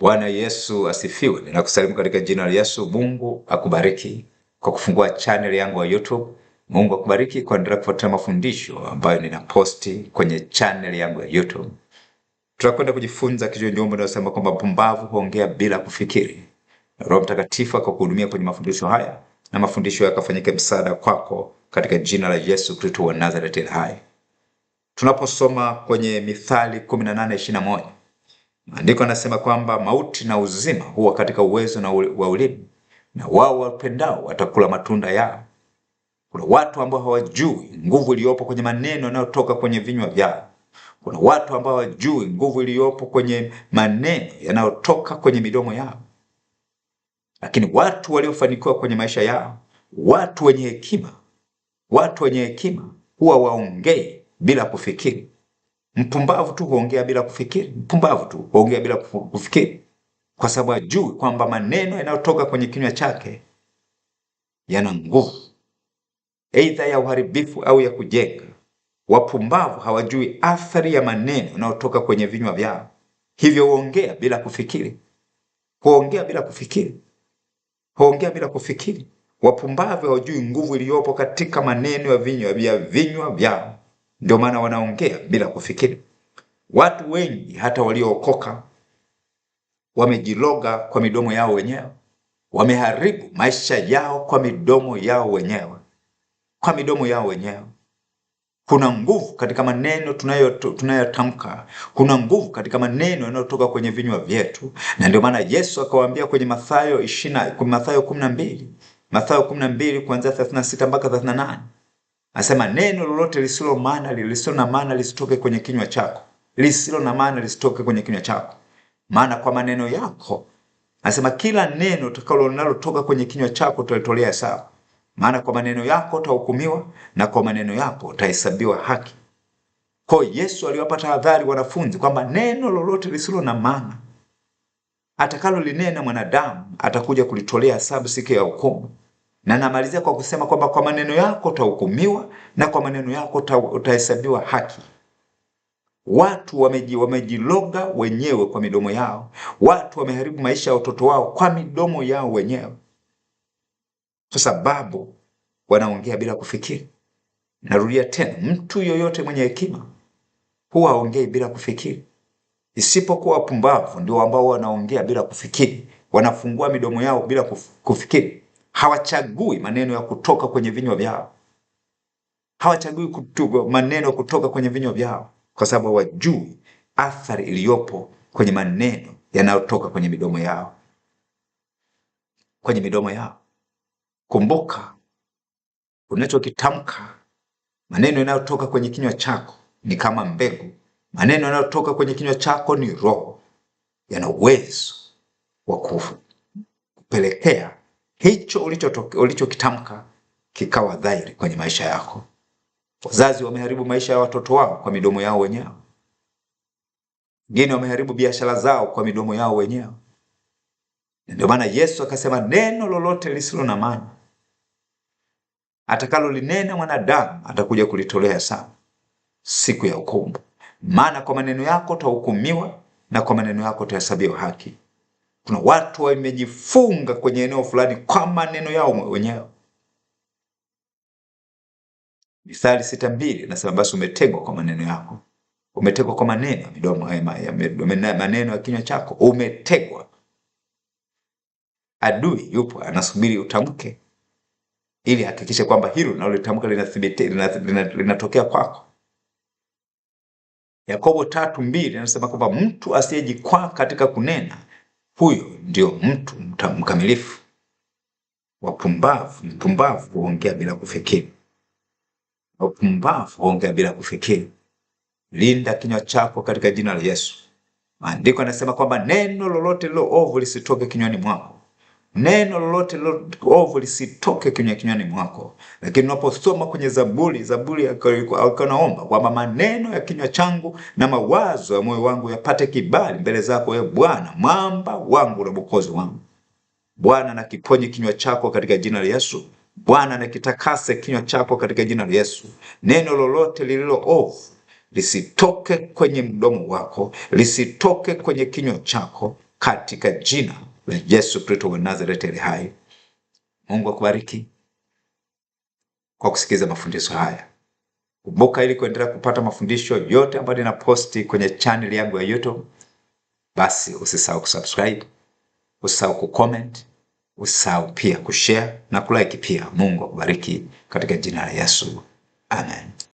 Bwana Yesu asifiwe. Ninakusalimu katika jina la Yesu. Mungu akubariki kwa kufungua channel yangu ya YouTube. Mungu akubariki kwa kuendelea kufuatilia mafundisho ambayo ninaposti kwenye channel yangu ya YouTube. Tutakwenda kujifunza kichwa cha somo linalosema kwamba mpumbavu huongea bila kufikiri. Roho Mtakatifu akakuhudumia kwenye mafundisho haya na mafundisho yakafanyike msaada kwako katika jina la Yesu Kristo wa Nazareti hai. Tunaposoma kwenye Mithali 18:21 Maandiko anasema kwamba mauti na uzima huwa katika uwezo na wa ulimi, na wao wapendao watakula matunda yao. Kuna watu ambao hawajui nguvu iliyopo kwenye maneno yanayotoka kwenye vinywa vyao. Kuna watu ambao hawajui nguvu iliyopo kwenye maneno yanayotoka kwenye midomo yao. Lakini watu waliofanikiwa kwenye maisha yao, watu wenye hekima, watu wenye hekima huwa waongei bila kufikiri. Mpumbavu tu huongea bila kufikiri, mpumbavu tu huongea bila kufikiri, kwa sababu ajui kwamba maneno yanayotoka kwenye kinywa chake yana nguvu, aidha ya uharibifu au ya kujenga. Wapumbavu hawajui athari ya maneno yanayotoka kwenye vinywa vyao, hivyo huongea bila kufikiri, huongea bila kufikiri, huongea bila kufikiri. Wapumbavu hawajui nguvu iliyopo katika maneno ya vinywa vya vinywa vyao. Ndio maana wanaongea bila kufikiri. Watu wengi hata waliookoka wamejiloga kwa midomo yao wenyewe, wameharibu maisha yao kwa midomo yao wenyewe, kwa midomo yao wenyewe. Kuna nguvu katika maneno tunayotamka, kuna nguvu katika maneno yanayotoka kwenye vinywa vyetu, na ndio maana Yesu akawaambia kwenye Mathayo 20, Mathayo 12, Mathayo 12 kuanzia 36 mpaka 38 Anasema neno lolote lisilo maana lisilo na maana lisitoke kwenye kinywa chako, lisilo na maana lisitoke kwenye kinywa chako, maana kwa maneno yako. Anasema kila neno utakalonalotoka kwenye kinywa chako utalitolea hesabu, maana kwa maneno yako utahukumiwa na kwa maneno yako utahesabiwa haki. Kwa Yesu aliwapa tahadhari wanafunzi kwamba neno lolote lisilo na maana atakalolinena mwanadamu atakuja kulitolea hesabu siku ya hukumu na namalizia kwa kusema kwamba kwa maneno yako utahukumiwa na kwa maneno yako utahesabiwa haki. Watu wameji, wamejiloga wenyewe kwa midomo yao. Watu wameharibu maisha ya watoto wao kwa midomo yao wenyewe, kwa sababu wanaongea bila kufikiri. Narudia tena, mtu yoyote mwenye hekima huwa aongei bila kufikiri, isipokuwa wapumbavu ndio ambao wanaongea bila kufikiri, wanafungua midomo yao bila kufikiri hawachagui maneno ya kutoka kwenye vinywa vyao, hawachagui maneno ya kutoka kwenye vinywa vyao, kwa sababu hawajui athari iliyopo kwenye maneno yanayotoka kwenye midomo yao, kwenye midomo yao. Kumbuka unachokitamka. Maneno yanayotoka kwenye kinywa chako ni kama mbegu. Maneno yanayotoka kwenye kinywa chako ni roho, yana uwezo wa kupelekea hicho ulichokitamka kikawa dhahiri kwenye maisha yako. Wazazi wameharibu maisha ya watoto wao kwa midomo yao wenyewe. Wengine wameharibu biashara zao kwa midomo yao wenyewe. Ndio maana Yesu akasema, neno lolote lisilo na maana atakalolinena mwanadamu atakuja kulitolea hesabu siku ya hukumu, maana kwa maneno yako utahukumiwa na kwa maneno yako utahesabiwa haki. Kuna watu wamejifunga kwenye eneo fulani kwa maneno yao wenyewe. Mithali sita mbili nasema basi umetengwa kwa maneno yako, umetengwa kwa maneno ya midomo maneno ya kinywa chako, umetegwa. Adui yupo anasubiri utamke, ili hakikishe kwamba hilo nalolitamka linatokea kwako. Yakobo tatu mbili anasema kwamba mtu asiyejikwaa katika kunena huyo ndio mtu mkamilifu. Wapumbavu, mpumbavu huongea bila kufikiri, wapumbavu huongea bila kufikiri. Linda kinywa chako katika jina la Yesu. Maandiko yanasema kwamba neno lolote lilo ovu lisitoke kinywani mwako neno lolote ovu lisitoke kinywa kinywani mwako. Lakini unaposoma kwenye Zaburi, Zaburi alikuwa kwamba maneno ya kinywa changu na mawazo ya moyo wangu yapate kibali mbele zako, e Bwana, mwamba wangu na mwokozi wangu. Bwana, na kiponye kinywa chako katika jina la Yesu. Bwana, na kitakase kinywa chako katika jina la Yesu. Neno lolote lililo ovu lisitoke kwenye mdomo wako, lisitoke kwenye kinywa chako katika jina Yesu Kristo wa Nazareti ali hai. Mungu akubariki kwa kusikiza mafundisho haya. Kumbuka, ili kuendelea kupata mafundisho yote ambayo ninaposti kwenye channel yangu ya YouTube, basi usisahau kusubscribe, usisahau kucomment, usisahau pia kushare na kulike pia. Mungu akubariki katika jina la Yesu, amen.